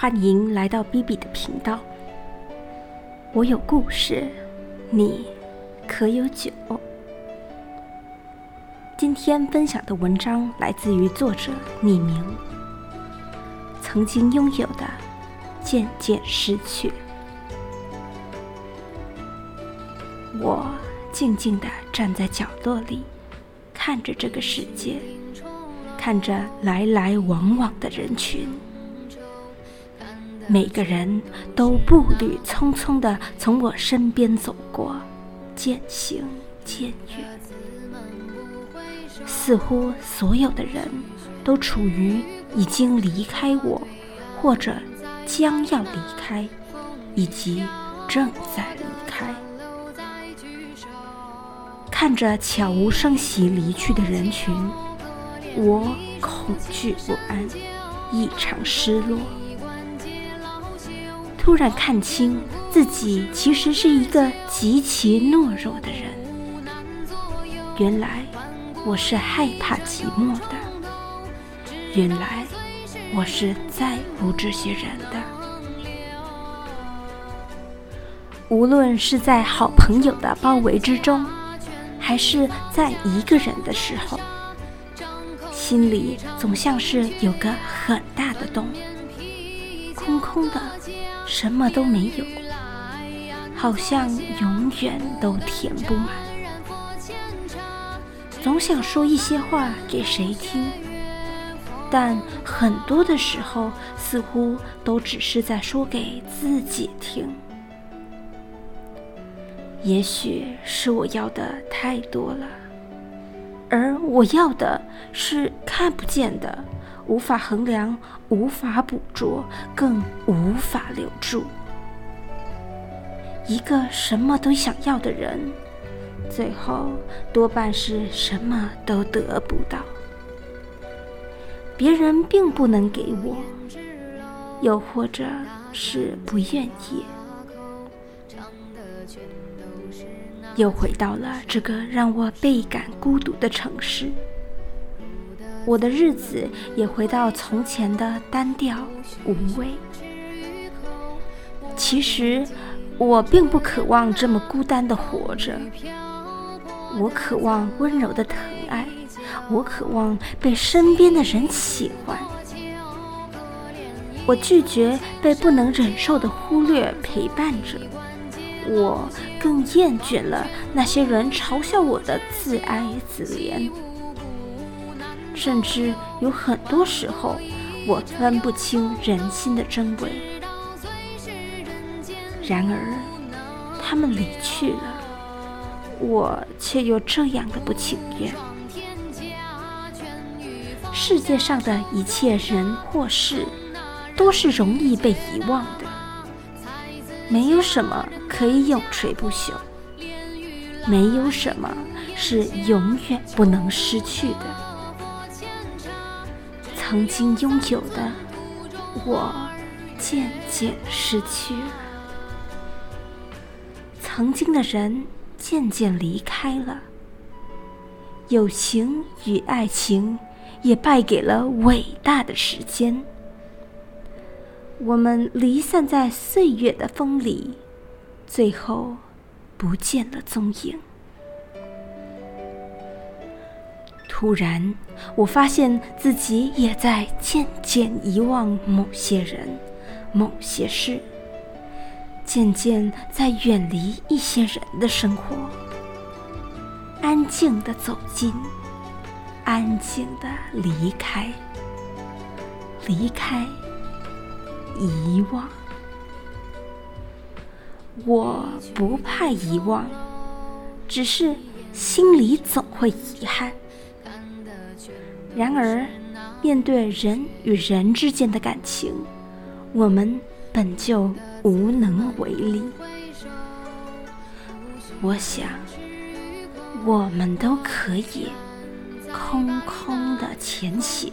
歡迎來到 BB 的頻道。我有故事，你可有酒？今天分享的文章來自於作者匿名。曾經擁有的，漸漸失去。我靜靜地站在角落裡，看着這個世界，看着來來往往的人群。每個人都步履匆匆地從我身邊走過，漸行漸遠。似乎所有的人都處於已經離開我，或者將要離開，以及正在離開。看着悄無聲息離去的人群，我恐懼不安，異常失落。突然看清自己其實是一個極其懦弱的人。原來我是害怕寂寞的。原來我是在乎這些人的。無論是在好朋友的包圍之中，還是在一個人的時候，心裡總像是有個很大的洞。空的，什麼都沒有，好像永遠都填不滿。總想說一些話給誰聽，但很多的時候，似乎都只是在說給自己聽。也許是我要的太多了，而我要的是看不見的。無法衡量，無法捕捉，更無法留住。一個什麼都想要的人，最後多半是什麼都得不到。別人並不能給我，又或者是不願意。又回到了這個讓我倍感孤獨的城市。我的日子也回到從前的單調無味。其實，我並不渴望這麼孤單地活着。我渴望溫柔的疼愛，我渴望被身邊的人喜歡。我拒絕被不能忍受的忽略陪伴着。我更厭倦了那些人嘲笑我的自哀自憐。甚至有很多時候，我分不清人心的真偽。然而，他們離去了，我卻又這樣的不情願。世界上的一切人或事，都是容易被遺忘的。沒有什麼可以永垂不朽，沒有什麼是永遠不能失去的。曾經擁有的，我漸漸失去了；曾經的人，漸漸離開了。友情與愛情，也敗給了偉大的時間。我們離散在歲月的風裡，最後不見了蹤影。突然，我發現自己也在漸漸遺忘某些人、某些事，漸漸在遠離一些人的生活，安靜的走進，安靜的離開，離開，遺忘。我不怕遺忘，只是心裡總會遺憾。然而，面對人與人之間的感情，我們本就無能為力。我想，我們都可以空空的前行。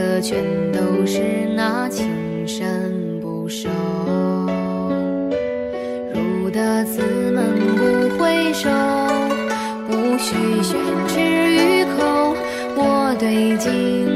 的全都是那情深不壽，入得此門不回首，無需宣之於口，我對鏡。